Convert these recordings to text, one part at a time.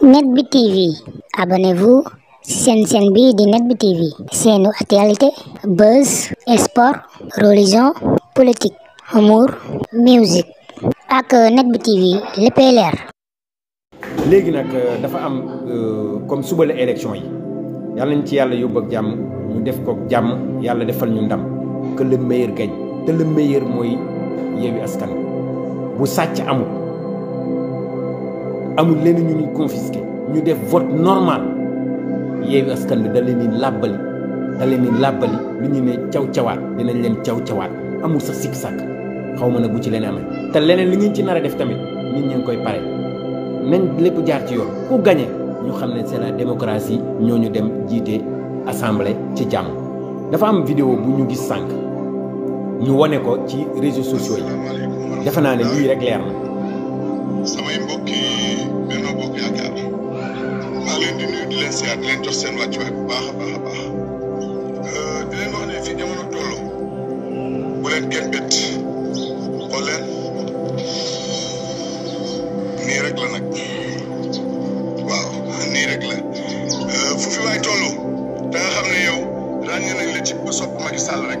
net bi tv abonnez seen seen bi di net bi tv seenu actualité buzz sport religion politique humour musique ak euh, net bi tv léppay leer léegi nag euh, dafa am euh, comme suba la élection yi yàlla nañ ci yàlla yóbbu ak jàmm ñu def ko jàmm yàlla defal ñu ndam que le meilleur mooy Yewwi Askan bu sàcc amul amul leneen ñu ñuy confisqué ñu def vote normal Yewwi Askan Wi da leen di làbbali da leen làbbali lu ñu ne caw cawaat dinañ leen caw cawaat amul sa sikk sàkk xaw ma nag bu ci leen amee te leneen li ngeen ci nar a def tamit nit ñi ngi koy pare nañ lépp jaar ci yoon ku gagné ñu xam ne c'est la démocratie ñoo ñu dem jiite assemblée ci jàmm dafa am vidéo bu ñu gis sànq ñu wane ko ci réseau sociaux yi defe naa ne lii rek leer na. Benno Bokk Yaakaar maa leen di nuyu di leen siyaar di leen jox seen wàccuwaay bu baax a baax a baax euh, di leen wax ne fii jamono toll bu leen kenn bett xool leen nii rek la nag waaw nii rek la euh, fu fi waay toll da nga xam ne yow ràññee nañ la ci sopp Macky Sall rek.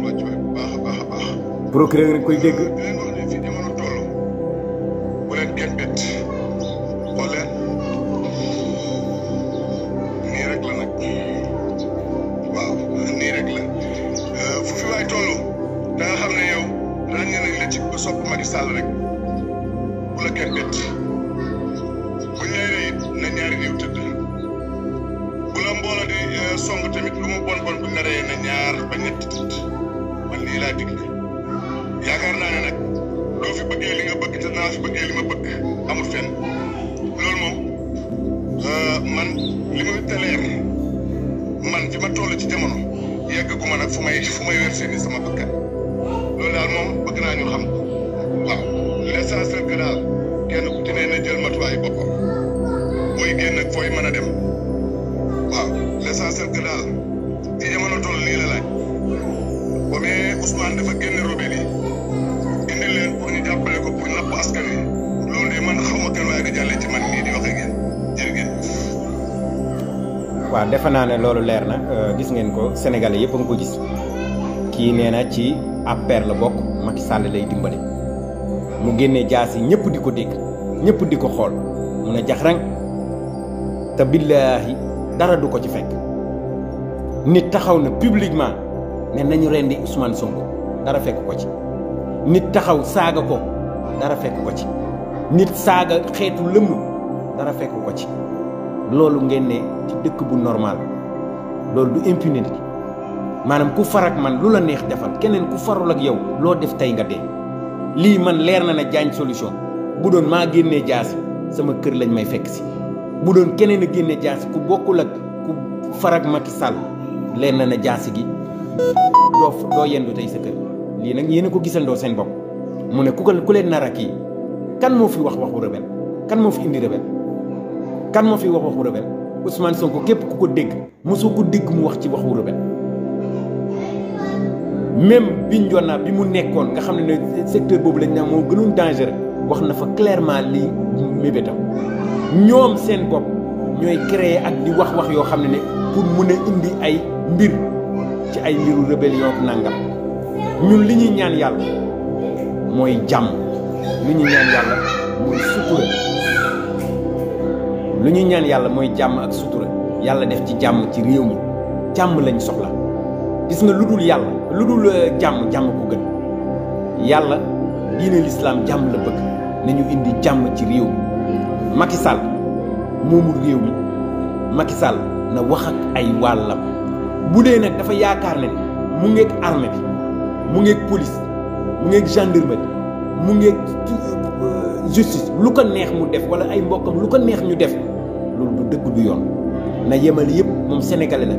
procureur nga koy dégg bëggeel ma waaw defe naa ne loolu leer na euh, gis ngeen ko sénégalais yëpp a ko gis kii nee na ci APR la bokk Macky Sall lay dimbali mu génnee jaas yi ñëpp di ko dégg ñëpp di ko xool mun a jax rang dara du ko ci fekk nit taxaw na publiquement ne nañu rendi Ousmane Sonko dara fekk ko ci nit taxaw saaga ko dara fekk ko ci nit saaga xeetu lëmm dara fekk ko ci loolu ngeen ne ci dëkk bu normal loolu du impunité maanaam ku far ak man lu la neex defal keneen ku farul ak yow loo def tey nga dee lii man leer na ne jaañ solution bu doon maa génnee jaasi sama kër lañ may fekk si bu doon keneen a génne jaas ku bokkul ak ku far ak Macky sal leer na ne jaasi gi doo doo yendu tey sa kër lii nag yéen a ko gisandoo seen bopp mu ne ku ko ku leen nar a kii kan moo fi wax waxu rebel kan moo fi indi rebel kan moo fi wax waxu rebelle Ousmane Sonko képp ku ko dégg mosoo ku dégg mu wax ci waxu rebelle même Bignona bi mu nekkoon nga xam ne ne secteur boobu lañ naan moo gënoon dangereux wax na fa clairement lii mébétam ñoom seen bopp ñooy créer ak di wax wax yoo xam ne ne pour mun ne indi ay mbir ci ay mbiru rébellion nangam ñun li ñuy ñaan yàlla mooy jàmm li ñuy ñaan yàlla mooy sutura lu ñuy ñaan yàlla mooy jàmm ak sutura yàlla def ci jàmm ci réew mi jàmm lañ soxla gis nga lu dul yàlla lu dul euh, jàmm jàmm ko gën yàlla diine lislaam jàmm la bëgg nañu indi jàmm ci réew mi Macky Sall moomul réew mi Macky Sall na wax ak ay wàllam bu dee nag dafa yaakaar ne mu ngeeg armée bi mu ngeeg police mu ngeeg gendarmerie mu ngeeg euh, justice lu ko neex mu def wala ay mbokkam lu ko neex ñu def dëgg du yoon na yemale yëpp moom sénégalais la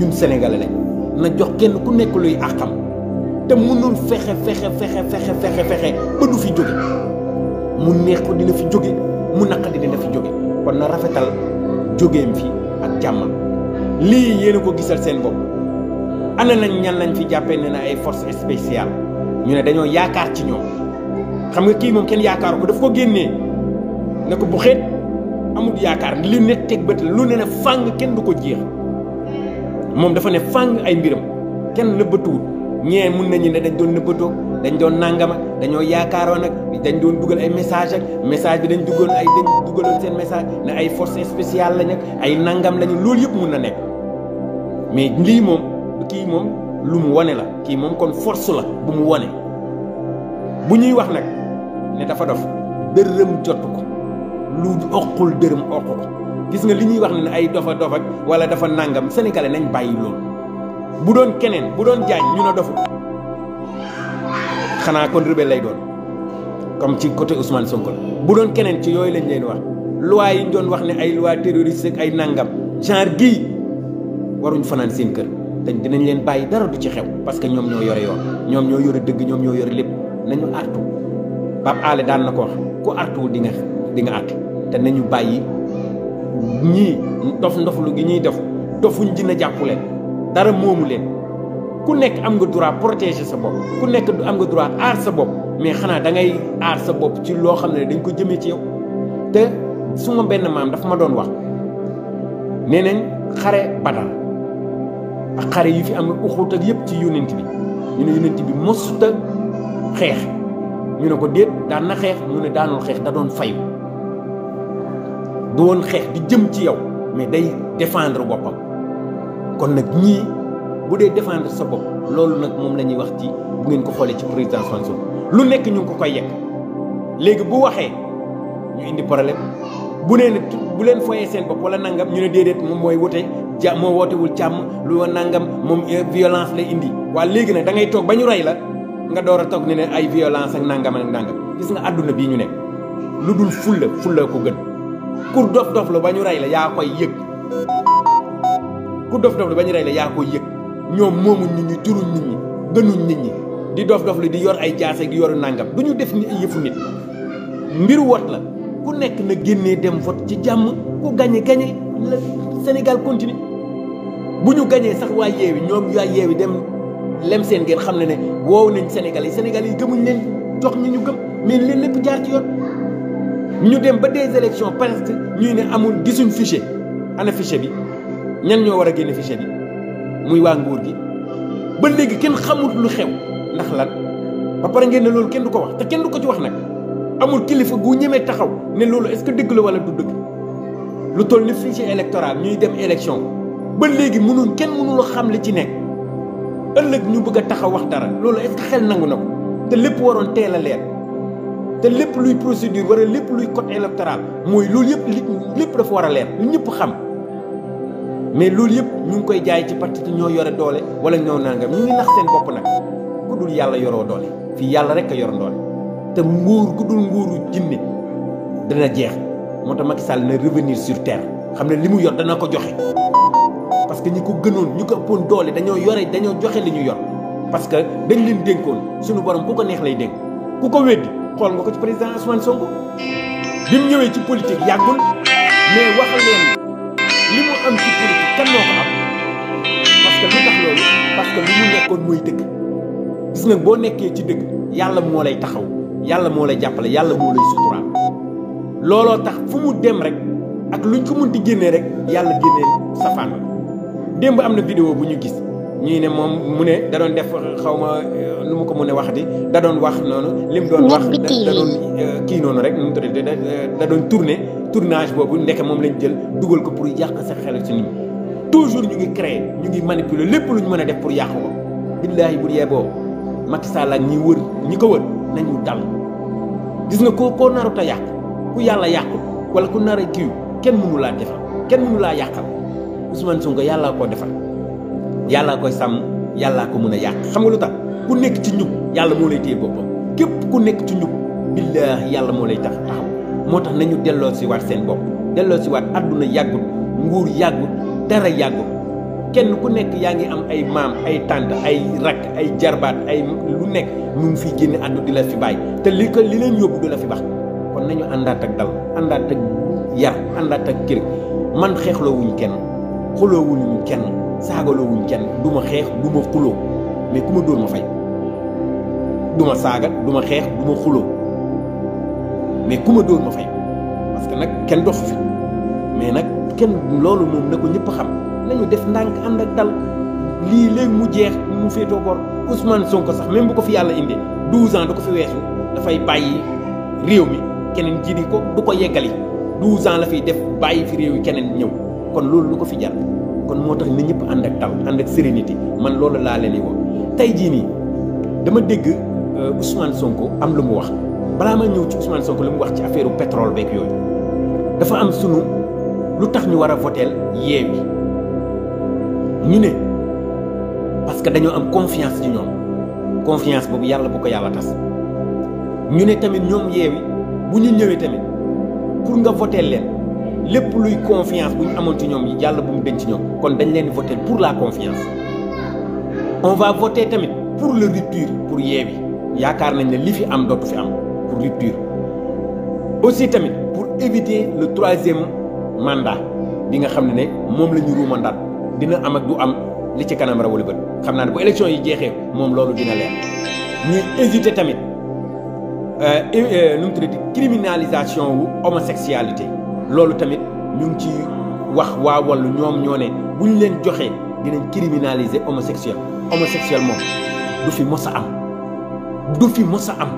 ñun sénégalais lañ na jox kenn ku nekk luy àqam te mënul fexe fexe fexe fexe fexe fexe ba du fi jóge mu neex ko dina fi jóge mu naq dina fi jóge kon na rafetal jógeem fi ak jàmmam lii yéen a ko gisal seen bopp ana nañ ñan lañ fi jàppee ne na ay force spéciale ñu ne dañoo yaakaar ci ñoom xam nga kii moom kenn yaakaaru ko daf ko génnee ne ko bu xeet amul yaakaar li ne teg bët lu ne ne fàng kenn du ko jeex moom dafa ne fàng ay mbiram kenn nëbbatuwut ñee mun nañu ne dañ doon nëbbatoo dañ doon nàngama dañoo yaakaaroon nag dañ doon dugal ay message ak message bi dañ dugaloon ay dañ dugaloon seen message ne ay force spéciale lañ ak ay nangam lañu loolu yëpp mun na nekk mais lii moom kii moom lu mu wane la kii moom kon force la bu mu wane bu ñuy wax nag ne dafa dof dërëm jot ko lu oqul dërëm oq ko gis nga li ñuy wax ne ay dofa dof ak wala dafa nangam sénégalais nañ bàyyi loolu bu doon keneen bu doon jaañ ñu ne dofu xanaa kon rebelle lay doon comme ci côté Ousmane Sonko la bu doon keneen ci yooyu lañ leen wax loi yi ñu doon wax ne ay loi terroriste ak ay nangam genre gi waruñ fanaan seen kër dañ dinañ leen bàyyi dara du ci xew parce que ñoom ñoo yore yoon ñoom ñoo yore dëgg ñoom ñoo yore lépp nañu artu Pape Alé daan na ko wax ku te nañu bàyyi ñii ndof ndoflu gi ñuy def dofuñ dina jàppu leen dara moomu leen ku nekk am nga droit protéger sa bopp ku nekk am nga droit aar sa bopp mais xanaa da ngay aar sa bopp ci loo xam ne dañ ko jëmee ci yow te suma benn maam dafa ma doon wax nee nañ xare badar xare yi fi am uxut ak yëpp ci yonent bi ñu ne yonent bi mosut xeex ñu ne ko déet daan na xeex mu ne daanul xeex da doon fayu du woon xeex di jëm ci yow mais day défendre boppam kon nag ñii bu dee défendre sa bopp loolu nag moom la ñuy wax ci bu ngeen ko xoolee ci président Ousmane Sonko lu nekk ñu ngi ko koy yekk léegi bu waxee ñu indi problème bu nee bu leen foyee seen bopp wala nangam ñu ne déedéet moom mooy wote ja moo wootewul càmm lu wa nangam moom e, violence la indi waa léegi nag da ngay toog ba ñu rey la nga door a toog ne ne ay violence nangam ak nangam gis nga àdduna bii ñu nekk lu dul fulla fulla ko gën ku dof-dof la ba ñu rey la yaa koy yëg ku dof-dof la ba ñu rey la yaa koy yëg ñoom moomuñ nit ñi juruñ nit ñi gënuñ nit ñi di dof-dof la di yor ay jaase di yoru nàngam du ñu def ni yëfu nit mbiru wot la ku nekk na génnee dem vote ci jàmm ku gañe gañe la senegal continue bu ñu gañee sax waa yeewi ñoom waa yeewi dem lem seen ngeen xam ne ne woow nañ Sénégal yi senegal yi gëmuñ leen jox ñu ñu gëm mais leen lépp jaar ci yoon ñu dem ba des élections presque ñuy ne amul gisuñ fichier ana fichier bi ñan ñoo war a génne fichier bi muy waa nguur gi ba léegi kenn xamul lu xew ndax lan ba pare ngeen ne loolu kenn du ko wax te kenn du ko ci wax nag amul kilifa gu ñemee taxaw ne loolu est-ce que dëgg la wala du dëgg lu toll ni fichier électoral ñuy dem élection ba léegi mënul kenn mënul xam li ci nekk ëllëg ñu bëgg a taxaw wax dara loolu est xel nangu na ko te lépp waroon teel a leer te lépp luy procédure wala lépp luy code électoral mooy loolu yëpp li lépp dafa war a leer lu ñëpp xam mais loolu yëpp ñu ngi koy jaay ci parti ñoo yore doole wala ñoo nangam ñu ngi nax seen bopp nag ku dul yàlla yoroo doole fii yàlla rek a yor doole te nguur ku dul nguuru jinne dana jeex moo tax Macky Sall na revenir sur terre xam ne li mu yor dana ko joxe parce que ñi ko gënoon ñi ko ëppoon doole dañoo yore dañoo joxe li ñu yor parce que dañ leen dénkoon suñu borom ku neex lay dénk ku xool nga ko ci président Ousmane Sonko bi ñëwee ci politique yàggul mais waxal leen li mu am ci politique kan ko am parce que tax loolu parce que li ñu nekkoon mooy dëgg gis nga boo nekkee ci dëgg yàlla moo lay taxaw yàlla moo la jàppale yàlla moo lay suturaal looloo tax fu mu dem rek ak luñ ko munti génnee rek yàlla génnee safaan démb am na vidéo bu ñu gis ñu ngi ne moom mu ne da doon def xaw ma euh, nu mu ko mën a wax di da doon wax noonu. lim doon wax da doon euh, kii noonu rek nu mu tuddati euh, da doon tourner tournage boobu ndeke moom lañ jël dugal ko pour yàq sa xel ci nit ñi toujours ñu ngi créer ñu ngi manipuler lépp lu ñu mën a def pour yàq ko. billaahi bu yeeboo Macky Sall ak ñi wër ñi ko wër nañu dal gis nga koo koo narut a yàq ku yàlla yàqul wala ku nar a kenn mënu laa defal kenn mënu laa yàqal Ousmane Sonko yàlla koo defal. yàllaa koy sàmm yàllaa ko mën a yàq xam nga lu tax ku nekk ci njub yàlla moo lay téye boppam képp ku nekk ci njub billaahi yàlla moo lay tax taxaw moo tax nañu delloo si waat seen bopp delloo si waat àdduna yàggut nguur yàggut dara yàggut kenn ku nekk yaa ngi am ay maam ay tànt ay rakk ay jarbaat ay lu nekk mu ngi fiy génne àddu di la fi bàyyi te li ko li leen yóbbu du la fi bax kon nañu àndaat ak dal àndaat ak yar àndaat ak kër man xeexloowuñ kenn xoloowuñ kenn saagaloowuñ kenn du ma xeex du ma xuloo mais ku ma dóor ma du ma saaga du ma xeex du ma xuloo mais ku ma dóor ma fay parce que nag kenn dox fi mais nag kenn loolu moom na ko ñëpp xam nañu def ndànk ànd ak dal lii léegi mu jeex mu féetoo bor Ousmane Sonko sax même bu ko fi yàlla indi 12 ans da ko fi weesu dafay bàyyi réew mi keneen jiitu ko du ko yeggali 12 ans la fiy def bàyyi fi réew yi keneen ñëw kon loolu lu ko fi jar. kon moo tax nit ñëpp ànd ak tal ànd ak sérénité man loolu laa leen di woo tey jii nii dama dégg euh, Ousmane Sonko am lu mu wax balaa ma ñëw ci Ousmane Sonko lu mu wax ci affaire pétrole beeg yooyu dafa am sunu lu tax ñu war a voteel Yewwi ñu ne parce que dañoo am confiance ci ñoom confiance boobu yàlla bu ko yàlla tas ñu ne tamit ñoom Yewwi bu ñu ñëwee tamit pour nga voteel leen. lépp luy confiance bu ñu amoon ci ñoom yi yàlla bu mu ci ñoom kon dañ leen voter pour la confiance on va voter tamit pour le rupture pour Yewwi yaakaar nañ ne li fi am dootu fi am pour rupture aussi tamit pour éviter le troisième mandat di nga xam ne ne moom la ñu ruumandaat dina am ak du am li ci kanam rawale bët xam naa ne bu élection yi jeexee moom loolu dina leer ñuy hésiter tamit euh, euh, nu mu tuddati criminalisation loolu tamit ñu ngi ci wax waa wallu ñoom ñoo ne bu ñu leen joxee dinañ criminaliser homosexuel homosexuel moom du fi mos a am du fi mos a am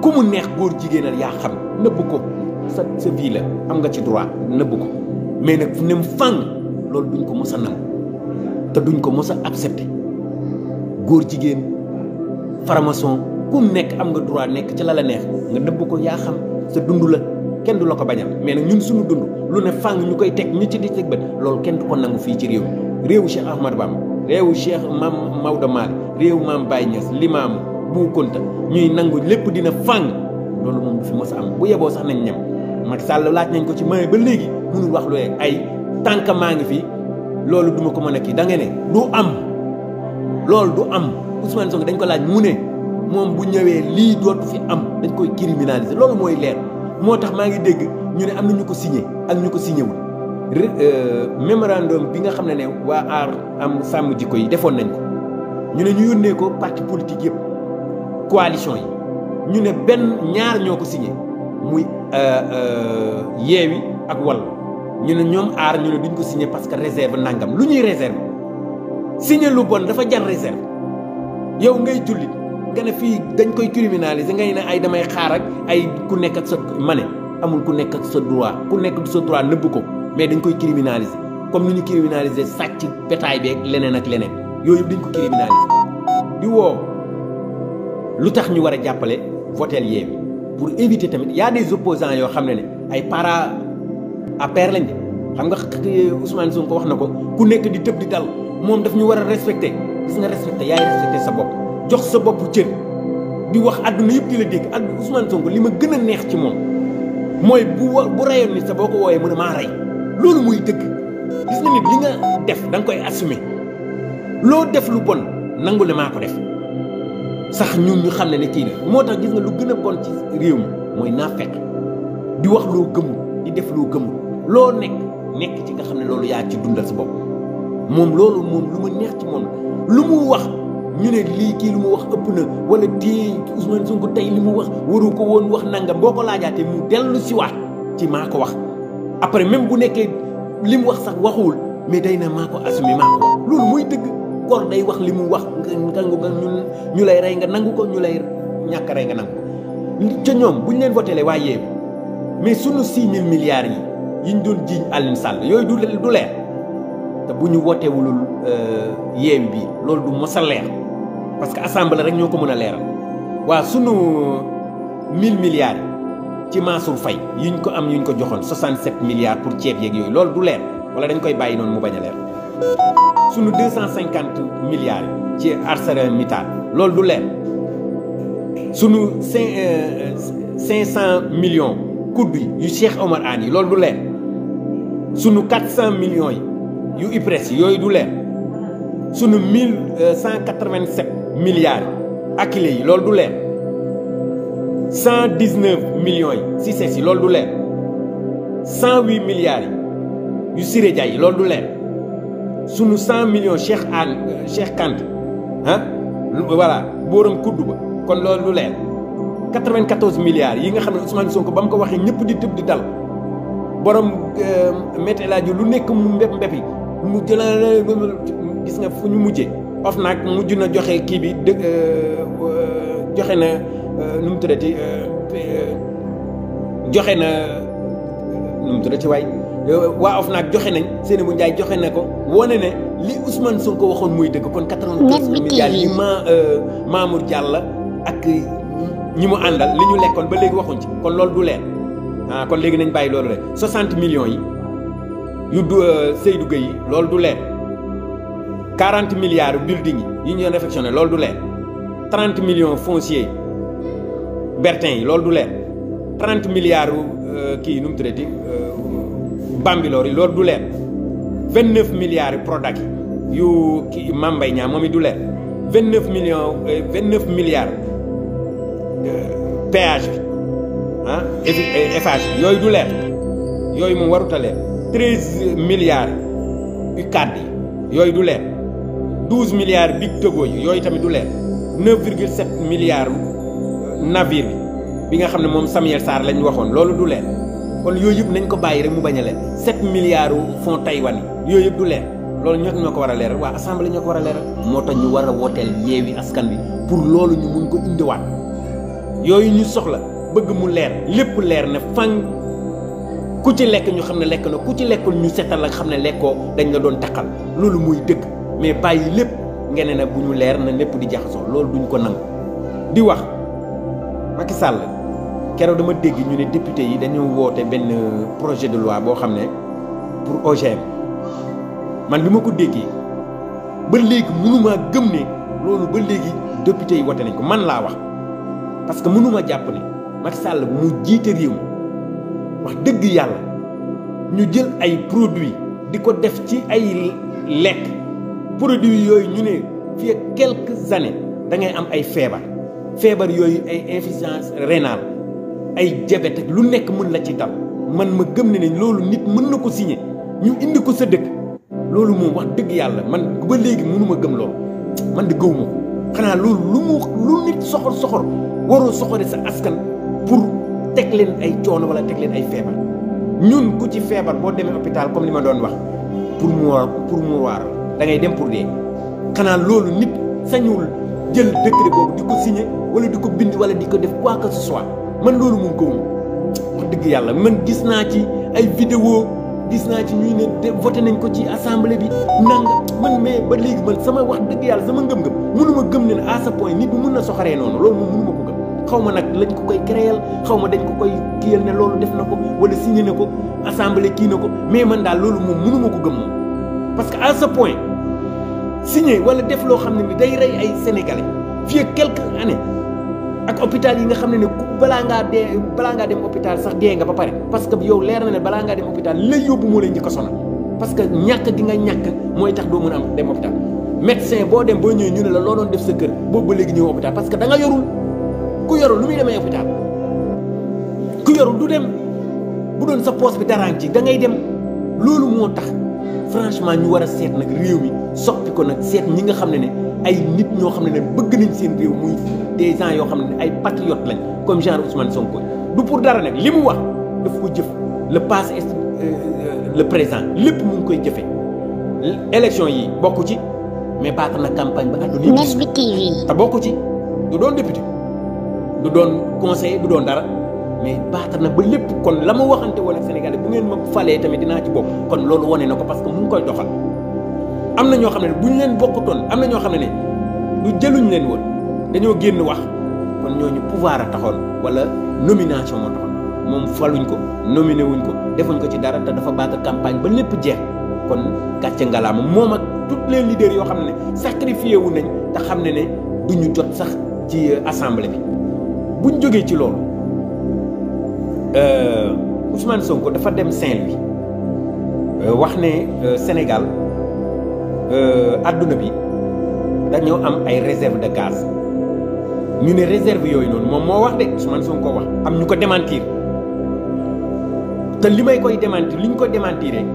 ku mu neex góor jigéenal yaa xam nëbb ko sa sa vie la am nga ci droit nëbb ko mais nag fu ne mu fàng loolu duñ ko mos a nangu te duñ ko mos a accepté góor jigéen faramason ku mu nekk am nga droit nekk ci lala neex nga nëbb ko yaa xam sa dund la kenn du la ko bañal mais nag ñun suñu dund lu ne fàng ñu koy teg ñu ci di teg bët loolu kenn du ko nangu fii ci réew mi réewu Cheikh Ahmad Bamba réewu Cheikh Maam Maodo Malick réewu Maam Baye Niass Limaamu Buu Kunta ñuy nangu lépp dina fàng loolu moom du fi mos am bu yeboo sax nañ ñem Macky Sall laaj nañ ko ci may ba léegi mënul wax lu ay tànk maa ngi fii loolu duma ko mën a kii da nga ne du am loolu du am Ousmane Sonko dañ ko laaj mu ne moom bu ñëwee lii dootu fi am dañ koy criminaliser loolu mooy leer moo tax maa ngi dégg ñu ne am na ñu ko signé ak ñu ko signé wul euh, mémorandum bi nga xam ne ne waa aar am sàmm jikko yi defoon nañ ko ñu ne ñu yónnee ko parti politique yëpp coalition yi ñu ne benn ñaar ñoo ko signé muy euh, euh, yeewi ak wàll ñu ne ñoom aar ñu ne duñ ko signé parce que réserve nangam lu ñuy réserve signé lu bon dafa jar réserve yow ngay jullit nga fii dañ koy criminaliser ngay ne ay damay xaar ak ay ku nekk ak sa ma ne amul ku nekk sa droit ku nekk du sa droit nëbb ko mais dañ koy criminaliser comme ni ñu criminaliser sàcc bétail beeg leneen ak leneen yooyu dañ ko criminaliser di woo lu tax ñu war a jàppale votel Yewwi pour éviter tamit y a des opposants yoo xam ne ne ay para APR lañ xam nga Ousmane Sonko ko wax na ko ku nekk di tëb di dal moom daf ñu war a respecter gis nga respecter sa bopp jox sa bopp cër di wax àdduna yëpp di la dégg ak Ousmane Sonko li ma gën a neex ci moom mooy bu wa bu rayoon nit sa boo ko wooyee mu ne maa rey loolu muy dëgg gis nga nit li nga def da nga koy assumer loo def lu bon nangu ne ko def sax ñun ñu xam ne ne kii moo tax gis nga lu gën a bon ci réew mi mooy naa fekk di wax loo gëmul di def loo gëmul loo nekk nekk ci nga xam ne loolu yaa ci dundal sa bopp moom loolu moom lu ma neex ci moom lu mu wax ñu ne lii kii lu mu wax ëpp na wala téye Ousmane Sonko tey li mu wax waru ko woon wax nangam boo ko laajaatee mu dellu si waat ci maa ko wax. après même bu nekkee li mu wax sax waxuwul mais day na maa ko assumé maa ko wax loolu mooy dëgg góor day wax li mu wax nga nga ñu lay rey nga nangu ko ñu lay ñàkk rey nga nangu ca ñoom bu ñu leen votélee waa Yewwi mais sunu 6000 milliards yi yiñ doon jiiñ Alioune Sall yooyu du du leer te bu ñu wootewulul euh, Yewwi bi loolu du mos a parce que assemblée rek ñoo ko mën a leeral waa sunu 1000 milliards ci Mansour Faye yuñ ko am yuñ ko joxoon 67 milliards pour ceeb yeeg yooyu loolu du leer wala dañ koy bàyyi noonu mu bañ a leer sunu 250 milliards ci ArcelorMittal loolu du leer sunu cinq euh, cinq cent millions kudd yu Cheikh Omar Anne yi loolu du leer sunu quatre cent millions yi yu IPRES yooyu du leer sunu mille euh, cent milliards akile yi loolu du leer cent dix neuf millions yi si ses loolu du leer cent huit milliards yi yu Siré loolu du leer sunu cent millions Cheikh Anne euh, Cheikh Kante ah voilà bóoram kuddu ba kon loolu du leer quatre vingt quatorze milliards yi nga xam ne Ousmane Sonko ba mu ko waxee ñëpp di tëb di dal borom euh, météo lu nekk mu mbéb mbéb yi mu jëlaat gis nga fu ñu mujjee. OFNAC mujj na joxe kii bi dëgg euh, euh, joxe na euh, nu mu tuddati joxe na nu mu tuddati waay waa OFNAC joxe nañ Seynabou Ndiaye joxe na ko wone ne li Ousmane ko waxoon muy dëgg kon 95 milliards yi ma Mamour la ak ñi mu àndal li ñu lekkoon ba léegi waxuñ ci kon loolu du leen ah kon léegi nañ bàyyi loolu rek 60 millions yi yu du Seydou Gueye loolu du leer 40 milliards building yi ñu doon réfectionné loolu du leer 30 millions fonciers yi loolu du leer 30 milliards euh, kii nu mu tuddati euh, bambiloor yi loolu du leer 29 milliards yu Prodac yi yu kii Mame Mbaye Niang moom it du leer 29 millions 29 euh, milliards péage bi ah Eiffage bi yooyu du leer yooyu moom warut a leer 13 milliards yu yooyu du leer. douze milliards big togo yi yooyu tamit du leer neuf virgule sept milliards navire bi bi nga xam ne moom Samuel Sarr lañ waxoon loolu du leer kon yooyu yëpp nañ ko bàyyi rek mu bañ a leer sept milliards fonds Taïwan yi yooyu yëpp du leer loolu ñoo ñoo ko war a leeral waa assemblée ñoo ko war a leeral moo tax ñu war a wooteel yeewi askan bi pour loolu ñu mun ko indiwaat yooyu ñu soxla bëgg mu leer lépp leer ne fang ku ci lekk ñu xam ne lekk na ku ci lekkul ñu setal la xam ne lekkoo dañ la doon taqal mais bàyyi lépp nga nag bu ñu leer na lépp di jaxasoo loolu duñ ko nangu di wax Macky Sall keroog dama dégg ñu ne député yi dañoo woote benn projet de loi boo xam ne pour OGM man bi ma ko déggee ba léegi mënumaa gëm ne loolu ba léegi député yi wote nañ ko man laa wax parce que mënuma jàpp ne Macky Sall mu jiite réew mi wax dëgg yàlla ñu jël ay produits di ko def ci ay lekk produit yooyu ñu ne fii ak quelques dangay am ay feebar feebar yooyu ay insuffisance rénale ay diabète lu nekk mën la ci dal man ma gëm ne ne loolu nit mën na ko signé ñu indi ko sa dëkk loolu moom wax dëgg yàlla man ba léegi mënuma gëm loo man di gëw ko xanaa loolu lu mu lu nit soxor soxor waroo soxore sa askan pour teg leen ay coono wala teg leen ay feebar ñun ku ci feebar boo demee hôpital kom li ma doon wax pour mu pour mu waar da ngay dem pour dee xanaa loolu nit sañul jël décret boobu di ko signé wala di ko bind wala di ko def quoi que ce man loolu moom gëwuma wax dëgg yàlla man gis naa ci ay vidéo gis naa ci ñuy ne voté nañ ko ci assemblée bi nanga man mais ba léegi man sama wax dëgg yàlla sama ngëm-ngëm mënuma gëm ne à ce point nit bi mën na soxaree noonu loolu moom mënuma ko gëm xaw ma nag lañ ko koy créel xaw ma dañ ko koy kiyal ne loolu def na ko wala signé na ko assemblée kii ko mais man daal loolu moom ko gëm signé wala def loo xam ne ni day rey ay sénégalais fii ak quelques yi nga xam ne ne ku balaa ngaa dee balaa ngaa dem hôpital sax dee nga ba pare parce que yow leer na ne balaa ngaa dem hôpital lay yóbbu moo lay njëkk a sonal parce que ñàkk gi nga ñàkk mooy tax doo mën a am dem hôpital médecin boo dem boo ñëwee ñu ne la loo doon def sa kër boo ba léegi ñëw hôpital parce que da nga yorul lu muy demee hôpital ku yorul du dem bu doon sa poos bi daraan ci da ngay dem loolu moo tax franchement ñu war a seet nag réew mi kon nag seet ñi nga xam ne ni ay nit ñoo xam ne ne bëgg nañ seen réew muy des gens yoo xam ne ay patriotes lañ comme genre Ousmane Sonko du pour dara nag li mu wax daf ko jëf le passé euh, le présent lépp mu ngi koy jëfe élection yi bokk ci mais baax na campagne ba àdduna Net Bi TV te bokku ci du doon député du doon conseiller du doon dara mais baax na ba lépp kon la ma waxante woon ak Sénégalais bu ngeen ma falee tamit dinaa ci bokk kon am na ñoo xam ne bu ñu leen bokkutoon am na ñoo xam ne ne du jëluñ leen woon dañoo génn wax kon ñooñu pouvoir a taxoon wala nomination moom faluñ ko nominé wuñ ko defuñ ko ci dara te dafa battre campagne ba lépp jeex kon gàcce ngalaama moom ak toutes les leaders yoo xam ne sacrifié wu nañ te xam ne ne duñu ñu jot sax ci euh, assemble bi buñ jógee ci loolu euh, Ousmane Sonko dafa dem saint bi euh, wax ne Sénégal Euh, adduna bi dañoo am ay réserve de gaz ñu ne réserve yooyu noonu moom moo wax de Ousmane Sonko wax am ñu ko démentir te li may koy démentir liñ ñu ko démentiré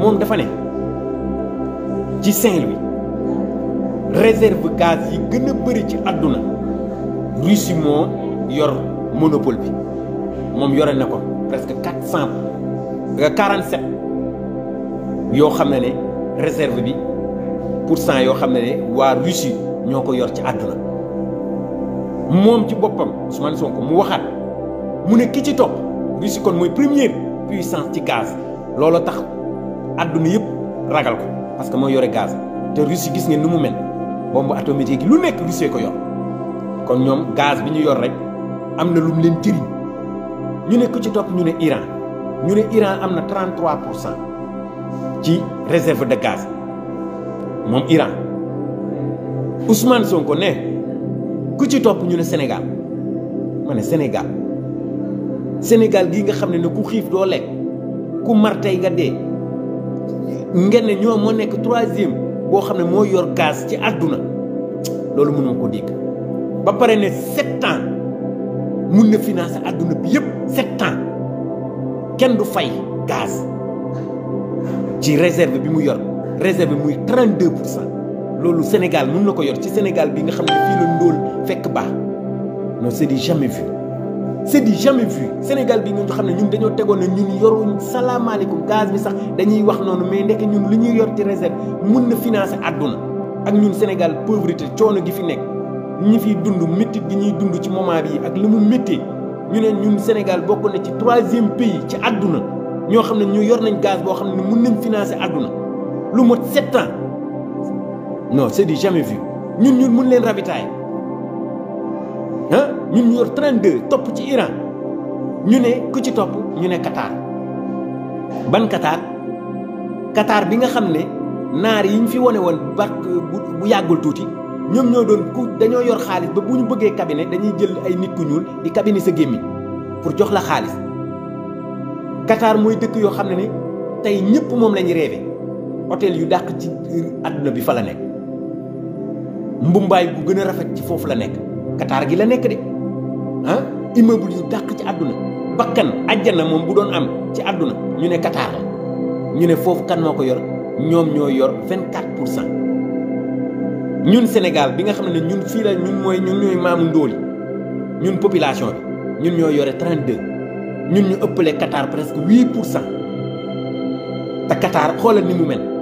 moom dafa ne ci Saint-Louis réserve gaz yi gën a bëri ci adduna Russie moo yor monopole bi moom yore na ko presque quatre cent euh, quarante sept yoo xam ne ne réserve bi pour cent yoo xam ne ne waa Russie ñoo ko yor ci àdduna moom ci boppam Ousmane ko mu waxaat mu nekk ci topp Russie kon mooy première puissance ci gaz loolu tax àdduna yëpp ragal ko parce que mooy yore gaz te Russie gis ngeen ni mu mel bombe atomique yi lu nekk Russie ko yor kon ñoom gaz bi ñu yor rek am na lu mu leen jëriñ ñu nekk ci topp ñu ne Iran ñu ne Iran am na 33 pour cent ci réserve de gaz moom Iran Ousmane ko ne ku ci topp ñu ne Sénégal ma ne Sénégal Sénégal gii nga xam ne ne ku xiif doo lekk ku mar tey nga dee ngeen ne ñoo moo nekk troisième boo xam ne moo yor gaz ci àdduna loolu mënuma ko dégg ba pare ne sept ans mun na financer àdduna bi yëpp sept kenn du fay gaz ci réserve bi mu yor. réservé muy 32 pour cent loolu Sénégal mën na ko yor ci Sénégal bi nga xam ne fii la ndóol fekk baax non c'est di jamais vu c'est du jamais vu Sénégal bi nga xam ne ñun dañoo tegoon ne ñun yoruñ salaamaaleykum gaz bi sax dañuy wax noonu mais ndekk ñun li ñuy yor ci réserve mun na financer àdduna ak ñun Sénégal pauvreté coono gi fi nekk ñu fiy dund métti gi ñuy dund ci moment bii ak li mu métti ñu ne ñun Sénégal bokk na ci troisième pays ci àdduna ñoo xam ne ñu yor nañ gaz boo xam ne mun nañ financer àdduna lu mot sept ans non c'est du jamais ñun ñun mun leen ravitailler ah ñun ñu yor 32 topp ci Iran ñu ne ku ci topp ñu ne Qatar ban Qatar Qatar bi nga xam ne naar yi ñu fi wane woon ba bu yàggul tuuti ñoom ñoo doon ku dañoo yor xaalis ba bu ñu bëggee cabinet dañuy jël ay nit ku ñuul di cabinet sa gémmiñ pour jox la xaalis Qatar mooy dëkk yoo xam ne ni tey ñëpp moom la ñu rêvé hôtel yu dàq ci àdduna bi fa la nekk mbumbaay bu gën a rafet ci foofu la nekk Qatar gi la nekk de ah immeuble yu dàq ci àdduna bakkan àjjana moom bu doon am ci àdduna ñu ne Qatar la ñu ne foofu kan moo ko yor ñoom ñoo yor 24 pour cent ñun Sénégal bi nga xam ne ñun fii la ñun mooy ñun ñooy maamu ndóol ñun population bi ñun ñoo yore 32 ñun ñu ëppale Qatar presque 8 pour cent te Qatar xoolal ni mu mel.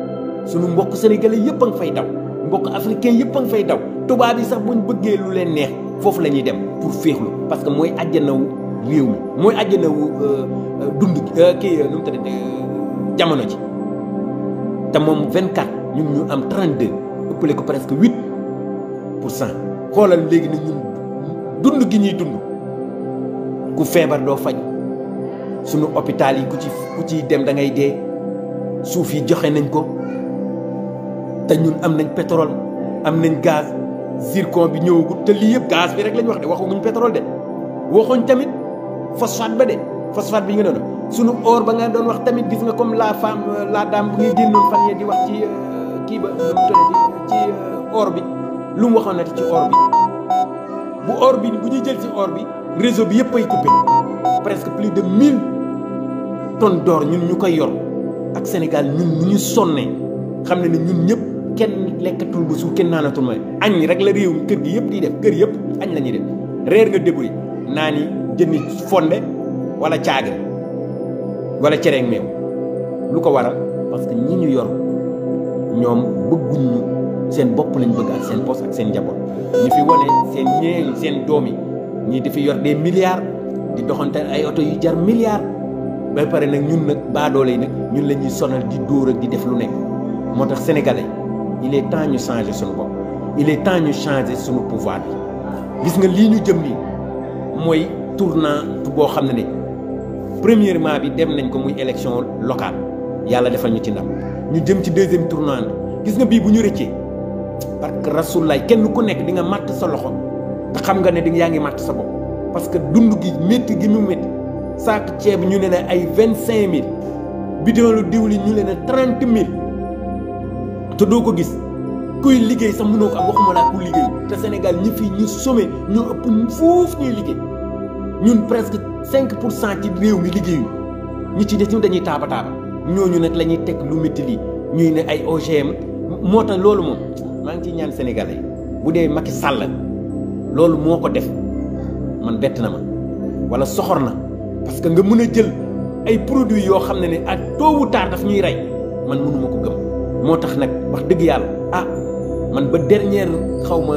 sunu mbokk sénégalais yëpp a nga fay daw mbokk africain yëpp a nga fay daw tubaab yi sax ñu bëggee lu leen neex foofu la ñuy dem pour féexlu parce que mooy àjjanawu réew mi mooy àjjanawu euh, euh, dund euh, kii jamono ji te moom 24 ñun ñu am 32 ëppale ko presque 8 pour xoolal léegi na ñun dund gi ñuy dund ku feebar doo faj sunu hôpital yi ku ci ku ciy dem da ngay dee suuf yi joxe nañ ko te ñun am nañ pétrole am nañ gaz zircon bi ñëwagul te lii yëpp gaz bi rek lañ wax de waxuñu pétrole de waxuñ tamit phosphate ba de phosphate bi nga doon sunu or ba nga doon wax tamit gis nga comme la femme la dame bu ngay génnoon fan yee di wax ci euh, kii ci euh, or bi lu mu waxoon na ci or bi bu or bi ci or bi réseau bi yëpp ay coupé presque plus de d'or ñun ñu koy yor ak Sénégal ñun ñu ñu sonne xam ne ni ñun ñëpp kenn lekkatul bu suuf kenn naanatul mooy añ rek la réewum kër gi yëpp di def kër yëpp añ la ñuy def reer nga déburi naa ni jëndi fonde wala caagi wala cereeg meew lu ko waral parce que ñi ñu yor ñoom bëgguñ seen bopp lañ bëgg ak seen poos ak seen njaboot ñi fi wane seen ñeeñ seen doom yi ñii di fi yor des milliards di doxante ay oto yu jar milliards ba pare nag ñun nag baadoole yi nag ñun la ñuy sonal di dóor ak di def lu nekk moo tax sénégalais il est temps ñu changer suñu bopp il est temps ñu changer suñu pouvoir bi gis nga lii ñu jëm nii mooy tournant boo xam ne ne premièrement bi dem nañ ko muy élection locale yàlla defal ñu ci ndam ñu jëm ci deuxième tournant gis nga bii bu ñu rëccee parce que rasulaay kenn ku nekk di nga màtt sa loxo te xam nga ne di yaa ngi màtt sa bopp parce que dund gi métti gi mu métti saako ceeb ñu ne na ay vingt cinq mille bidon lu diwli ñu ne ne mille te doo ko gis kuy liggéey sax mënoo ko am waxuma ku liggéey te Sénégal ñi fii ñu sommé ñu ëpp fuuf ñuy liggéey ñun presque cinq pour cent ci réew mi liggéeyuñu ñi ci des ñu dañuy taaba taaba ñooñu nag la ñuy teg lu métti lii ñuy ne ay OGM moo tax loolu moom maa ngi ciy ñaan sénégalais bu dee Macky Sall loolu moo ko def man bett na ma wala soxor na parce que nga mën a jël ay produits yoo xam ne ne ak tôt ou tard ñuy rey man mënuma ko gëm moo tax nag wax dëgg yàlla a ah, man ba dernière xaw ma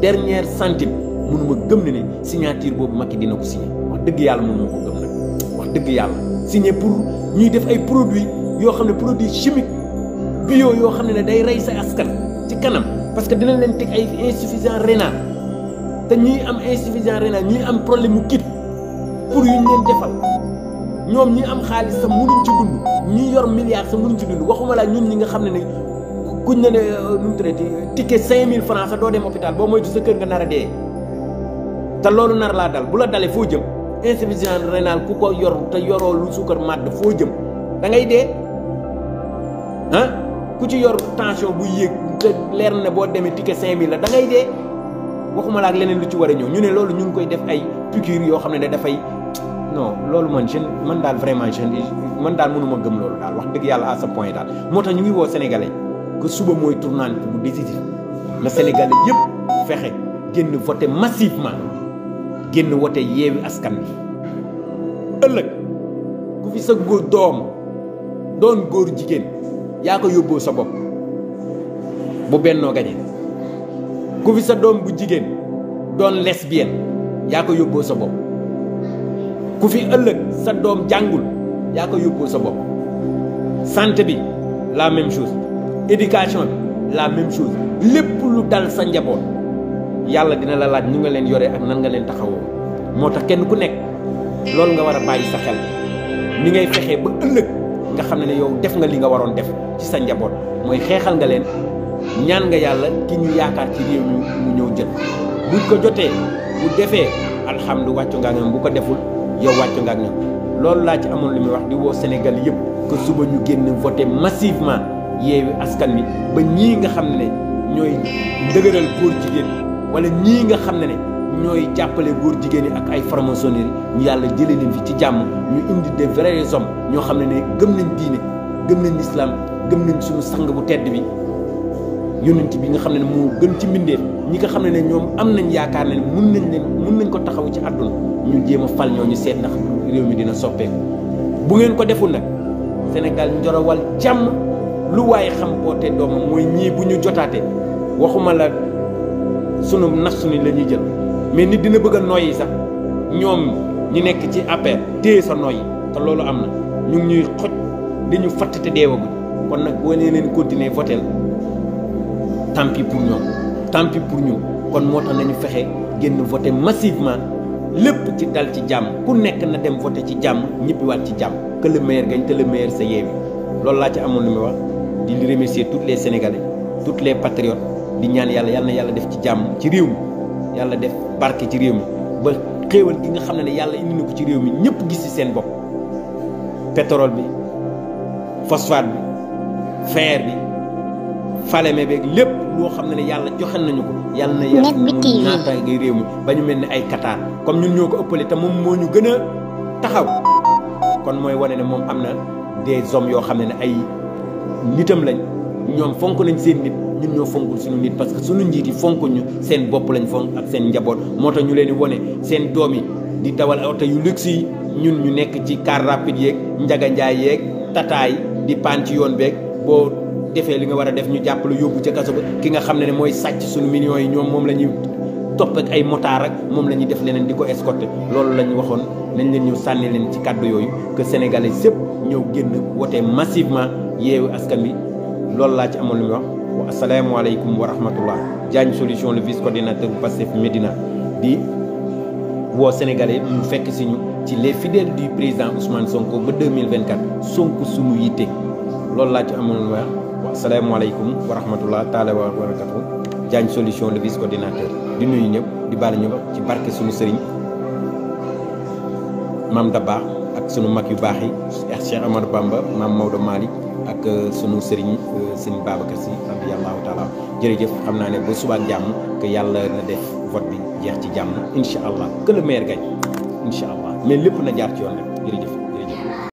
dernière centime mënuma gëm ne ne signature boobu Macky dina ko signé wax dëgg yàlla moom moo ko gëm nag wax dëgg yàlla signé pour ñuy def ay produits yoo xam ne produit chimique bio yoo xam ne ne day rey sa askan ci kanam parce que dinañ leen teg ay insuffisant rénal te ñuy am insuffisant rénal ñuy am problème mu kit pour yuñ leen defal ñoom ñi am xaalis sax mënuñ ci dund ñi yor milliards sa mënuñ ci dund waxuma laa ñun ñi nga xam ne ni ku ne ne euh, nu mu traité ticket 5000 francs sa doo dem hôpital boo moytu sa kër nga nar a dee te loolu nar laa dal bu la dalee foo jëm insuffisance rénale ku ko yor te yoroo lu suukar màdd foo jëm da ngay dee ah ku ci yor tension bu yéeg te leer ne boo demee ticket 5000 la da ngay dee waxuma ak leneen lu ci war a ñëw ñu ne loolu ñu ngi koy def ay piqûres yoo xam ne ne dafay. non loolu moom jeune man daal vraiment jeune man daal mënuma gëm loolu daal wax dëgg yàlla à ce point daal moo tax ñu ngi woo sénégalais que suba mooy tournant bu décisif na sénégalais yëpp fexe génn voté ma génn wote yeewi askan bi ëllëg ku fi sa góor doom doon góor jigéen yaa ko yóbboo sa bopp bu bennoo gañe ku fi sa doom bu jigéen doon lesbienne yaa ko yóbboo sa bopp ku fi ëllëg sa doom jàngul yaa ko yóbbul sa bopp santé bi la même chose éducation bi la même chose lépp lu dal sa njaboot yàlla dina la laaj ñu nga leen yore ak nan nga leen taxawoo moo tax kenn ku nekk loolu nga war a bàyyi sa xel ni ngay fexee ba ëllëg nga xam ne na yow def nga li nga waroon def ci sa njaboot mooy xeexal nga leen ñaan nga yàlla ki ñu yaakaar ci réew mi mu ñëw jël buñ ko jotee bu defee alhamdu wàccu nga bu ko deful yow wàcc nga ak ñoom loolu laa ci amoon lu muy wax di woo senegal yëpp que suba ñu génn voté massivement yeewi askan wi ba ñii nga xam ne ñooy ndëgëral góor jigéen wala ñii nga xam ne ne ñooy jàppale góor jigéen yi ak ay franc ñu yàlla jëlee leen fi ci jàmm ñu indi des vrais hommes ñoo xam ne ne gëm nañ diine gën nañ lislaam gën nañ suñu sang bu tedd bi yonent bi nga xam ne ne moo gën ci mbindeef ñi nga xam ne ne ñoom am nañ yaakaar ne mun nañ leen mun nañ ko taxaw ci àdduna ñu jéem a fal ñu seet ndax réew mi dina soppeeku bu ngeen ko deful nag Sénégal njorowal jàmm lu waaye xam boote doomam mooy ñii bu ñu jotaatee waxuma la sunu naf suni lañuy jël mais nit dina bëgg a noyyi sax ñoom ñi nekk ci APR téye sa noyyi te loolu am na ñu ñuy xoj di ñu fatt te deewaguñ kon nag boo nee leen continuer voter tant pour ñoom tant pis pour ñu kon moo tax nañu fexe génn voter ma lépp ci dal ci jàmm ku nekk na dem voté ci jàmm ñibbiwaat ci jàmm que gañ meilleur gagne te le meilleur c'est Yewwi laa ci amoon lu muy wax di remercier tous les sénégalais tous les patriotes di ñaan yàlla yal na yàlla def ci jàmm ci réew mi yàlla def barke ci réew mi ba xéewal gi nga xam ne ne yàlla indi na ko ci réew mi ñëpp gis ci seen bopp pétrole bi phosphate bi fer bi Falémé beeg lépp loo xam ne ne yàlla joxe nañu ko yàlla na yàlla naataange réew mi ba ñu mel ni ay Qatar comme ñun ñoo ko ëppale te moom moo ñu gën a taxaw kon mooy wane ne moom am na des hommes yoo xam ne ne ay nitam lañ ñoom fonk nañ seen nit ñun ñoo fonkul suñu nit parce que suñu njiit yi fonku ñu seen bopp lañ fonk ak seen njaboot moo tax ñu leen di wane seen doom yi di dawal oto yu luxe yi ñun ñu nekk ci car rapide yeeg njaganjaay yeeg tataay di paan ci yoon beeg defee li nga war a def ñu jàppale yóbbu ca kaso ba ki nga xam ne ne mooy sàcc suñu millions yi ñoom moom la ñuy topp ak ay motard ak moom la ñuy def leneen di ko escorter loolu la ñu waxoon nañ leen ñu sànni leen ci kàddu yooyu que sénégalais yëpp ñëw génn wote massivement yeewu askan bi loolu laa ci amoon lu muy wax wa asalaamaaleykum wa rahmatullah Diagne solution le vice coordinateur bu Pastef Médina di woo sénégalais mu fekk si ñu ci les fidèles du président Ousmane Sonko ba 2024 Sonko suñu yitte loolu laa ci amoon lu asalaamaaleykum wa rahmatullah taala wa barakatu Diagne Solution le vice coordinateur di nuyu ñëpp di baal ñëpp ci barke suñu sëriñ maam Dabba ak sunu mag yu baax yi Cheikh Amadou Bamba maam Maodo Malick ak euh, sunu sëriñ euh, sëriñ Babacar Sy radiyallahu taala xam naa ne ba subaak jàmm que yàlla na def vote bi jeex ci jàmm incha allah que le maire gagne allah mais lépp na jaar ci yoon rek jërëjëf